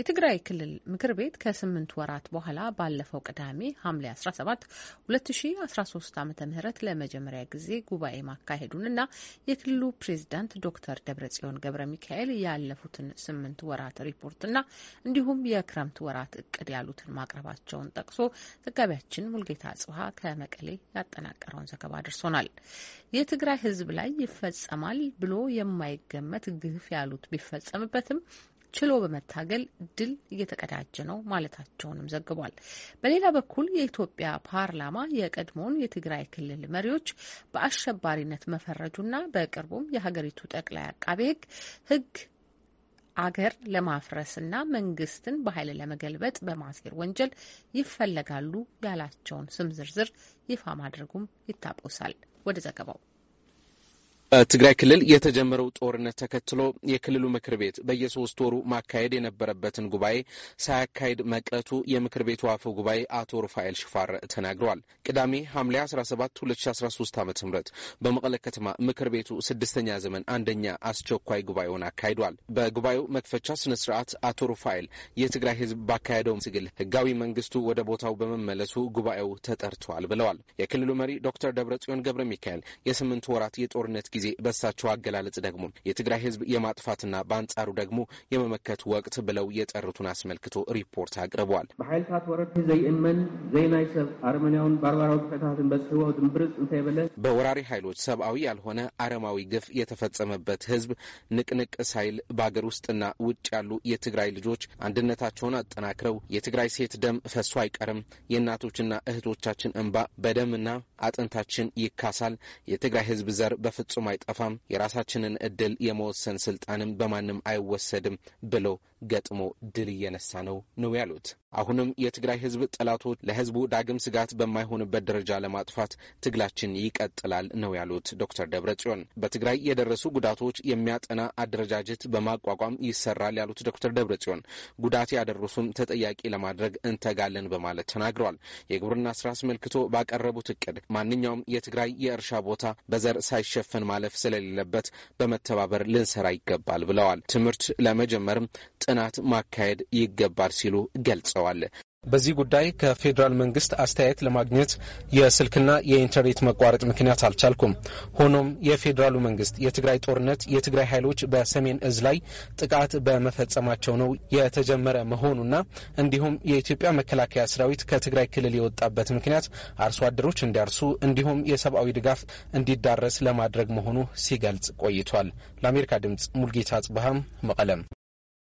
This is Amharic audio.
የትግራይ ክልል ምክር ቤት ከስምንት ወራት በኋላ ባለፈው ቅዳሜ ሐምሌ 17 2013 ዓ ም ለመጀመሪያ ጊዜ ጉባኤ ማካሄዱንና የክልሉ ፕሬዚዳንት ዶክተር ደብረጽዮን ገብረ ሚካኤል ያለፉትን ስምንት ወራት ሪፖርትና እንዲሁም የክረምት ወራት እቅድ ያሉትን ማቅረባቸውን ጠቅሶ ዘጋቢያችን ሙልጌታ ጽሀ ከመቀሌ ያጠናቀረውን ዘገባ ደርሶናል። የትግራይ ህዝብ ላይ ይፈጸማል ብሎ የማይገመት ግፍ ያሉት ቢፈጸምበትም ችሎ በመታገል ድል እየተቀዳጀ ነው ማለታቸውንም ዘግቧል። በሌላ በኩል የኢትዮጵያ ፓርላማ የቀድሞውን የትግራይ ክልል መሪዎች በአሸባሪነት መፈረጁና በቅርቡም የሀገሪቱ ጠቅላይ አቃቤ ሕግ ሕግ አገር ለማፍረስና መንግስትን በኃይል ለመገልበጥ በማሴር ወንጀል ይፈለጋሉ ያላቸውን ስም ዝርዝር ይፋ ማድረጉም ይታወሳል። ወደ ዘገባው በትግራይ ክልል የተጀመረው ጦርነት ተከትሎ የክልሉ ምክር ቤት በየሶስት ወሩ ማካሄድ የነበረበትን ጉባኤ ሳያካሄድ መቅረቱ የምክር ቤቱ አፈ ጉባኤ አቶ ሩፋኤል ሽፋር ተናግረዋል። ቅዳሜ ሐምሌ 17 2013 ዓ ም በመቀለ ከተማ ምክር ቤቱ ስድስተኛ ዘመን አንደኛ አስቸኳይ ጉባኤውን አካሂዷል። በጉባኤው መክፈቻ ስነ ስርዓት አቶ ሩፋኤል የትግራይ ህዝብ ባካሄደው ትግል ህጋዊ መንግስቱ ወደ ቦታው በመመለሱ ጉባኤው ተጠርቷል ብለዋል። የክልሉ መሪ ዶክተር ደብረ ጽዮን ገብረ ሚካኤል የስምንት ወራት የጦርነት ጊዜ ጊዜ በሳቸው አገላለጽ ደግሞ የትግራይ ህዝብ የማጥፋትና በአንጻሩ ደግሞ የመመከት ወቅት ብለው የጠሩትን አስመልክቶ ሪፖርት አቅርበዋል። ብሓይልታት ወረርቲ ዘይእመን ዘይናይ ሰብ አረመንያውን ባርባራዊ ግፍዕታትን በዝሕዎ ድንብርፅ እንተይበለ በወራሪ ኃይሎች ሰብአዊ ያልሆነ አረማዊ ግፍ የተፈጸመበት ህዝብ ንቅንቅ ሳይል በአገር ውስጥና ውጭ ያሉ የትግራይ ልጆች አንድነታቸውን አጠናክረው የትግራይ ሴት ደም ፈሶ አይቀርም፣ የእናቶችና እህቶቻችን እንባ በደምና አጥንታችን ይካሳል፣ የትግራይ ህዝብ ዘር በፍጹም አይጠፋም፣ የራሳችንን እድል የመወሰን ስልጣንም በማንም አይወሰድም ብሎ ገጥሞ ድል እየነሳ ነው ነው ያሉት። አሁንም የትግራይ ህዝብ ጠላቶች ለህዝቡ ዳግም ስጋት በማይሆንበት ደረጃ ለማጥፋት ትግላችን ይቀጥላል ነው ያሉት ዶክተር ደብረ ጽዮን። በትግራይ የደረሱ ጉዳቶች የሚያጠና አደረጃጀት በማቋቋም ይሰራል ያሉት ዶክተር ደብረ ጽዮን ጉዳት ያደረሱም ተጠያቂ ለማድረግ እንተጋለን በማለት ተናግረዋል። የግብርና ስራ አስመልክቶ ባቀረቡት እቅድ ማንኛውም የትግራይ የእርሻ ቦታ በዘር ሳይሸፈን ማለት ማለፍ ስለሌለበት በመተባበር ልንሰራ ይገባል ብለዋል። ትምህርት ለመጀመርም ጥናት ማካሄድ ይገባል ሲሉ ገልጸዋል። በዚህ ጉዳይ ከፌዴራል መንግስት አስተያየት ለማግኘት የስልክና የኢንተርኔት መቋረጥ ምክንያት አልቻልኩም። ሆኖም የፌዴራሉ መንግስት የትግራይ ጦርነት የትግራይ ኃይሎች በሰሜን እዝ ላይ ጥቃት በመፈጸማቸው ነው የተጀመረ መሆኑና እንዲሁም የኢትዮጵያ መከላከያ ሰራዊት ከትግራይ ክልል የወጣበት ምክንያት አርሶ አደሮች እንዲያርሱ እንዲሁም የሰብአዊ ድጋፍ እንዲዳረስ ለማድረግ መሆኑ ሲገልጽ ቆይቷል። ለአሜሪካ ድምጽ ሙልጌታ አጽብሃም መቀለም